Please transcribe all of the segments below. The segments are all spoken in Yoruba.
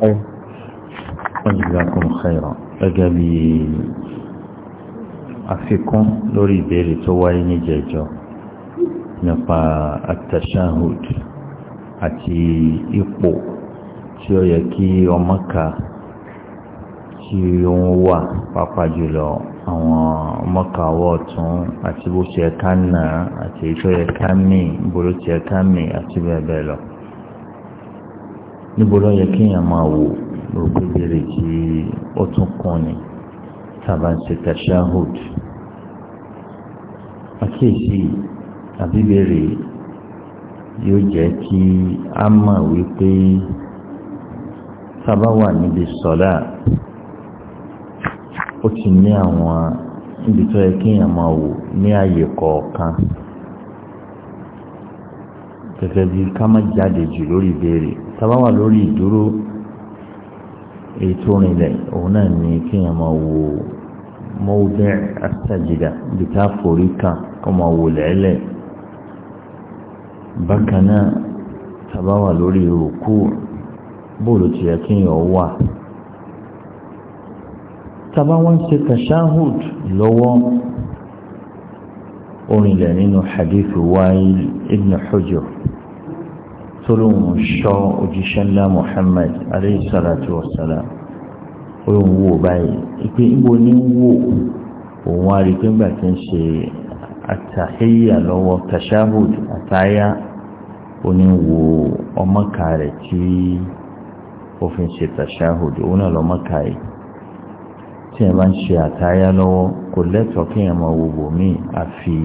wọ́n yìí lákùn xẹ́rọ gẹ́gẹ́ bí àfikún lórí ìbéèrè tó wáyé ní jẹjọ nípa atashahud àti ipò tí ó yẹ kí ọmọ ká tí ó ń wà pàápàá jùlọ àwọn ọmọ ká ọwọ́ àti bó ṣe ká nà àti èyí tó yẹ bó ló ṣe ká àti bẹ́ẹ̀ bẹ́ẹ̀ lọ. níbo ló yẹ kéèyàn máa wò ló pé béèrè tí ó tún kún ni tàbá tashahud àkíyèsí àbíbèrè yóò kí a mọ̀ wípé tàbá wà níbi sọ́lá ó ti ní àwọn ibi tó yẹ kéèyàn máa wò ní gẹ́gẹ́ bí ká má jáde jù lórí ìbéèrè tábà wà lórí ìdúró ètò ìrìnlẹ̀ òun náà ní kí èèyàn máa wo mọ́wúdẹ́ àtàjìdá bí ká forí kan kó máa wò lẹ́lẹ̀ bákan náà tábà wà lórí ìrùkú bóòlù tí yẹ kí èèyàn wà tábà ń ṣe tashahud lọ́wọ́ orinlẹ̀ nínú hadith wáyé ibn hujur tolóhùn ṣọ́ òjíṣẹ́ ńlá Muhammad aleyhi salatu wa salam òun wò báyìí ìpè ìbò ní wò òun á rí i pé ńgbà tí ń ṣe àtàhéyà lọ́wọ́ tashahud àtàyà oníwò ọmọkà rẹ̀ tí ó fi ń ṣe tashahud òun náà lọ́mọkà yìí tí ẹ bá ń ṣe àtàyà lọ́wọ́ kò lẹ́tọ̀ọ́ kí ẹ máa wò bò míì àfi.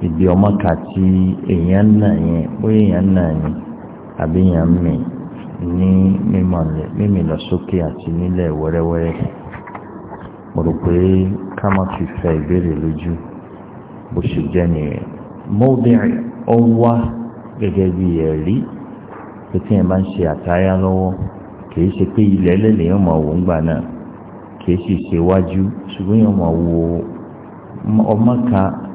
ìdí ọmọ kà tí èèyàn nà yẹn bóyá èèyàn nà yẹn àbí èèyàn mì ní mímì lọ sókè àti nílẹ̀ wẹ́rẹ́wẹ́rẹ́ mo rò pé ká má fi fẹ ìbéèrè lójú bó ṣe jẹ́ nìyẹn mọ́bìnrin ó wá gẹ́gẹ́ bí ẹ̀rí yẹn bá ń ṣe lọ́wọ́ kìí ṣe pé ilẹ̀ yóò máa wò ń gbà náà kìí sì ṣe wájú ṣùgbọ́n yóò máa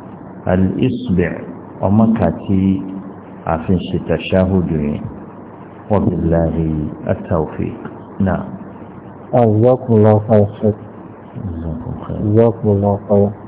al-isbi' ọmọ kàtí àfin ṣe tàṣáhùdù yẹn wa billahi at-tawfiq náà. àzọkùnlọ́kọ̀ ṣe. àzọkùnlọ́kọ̀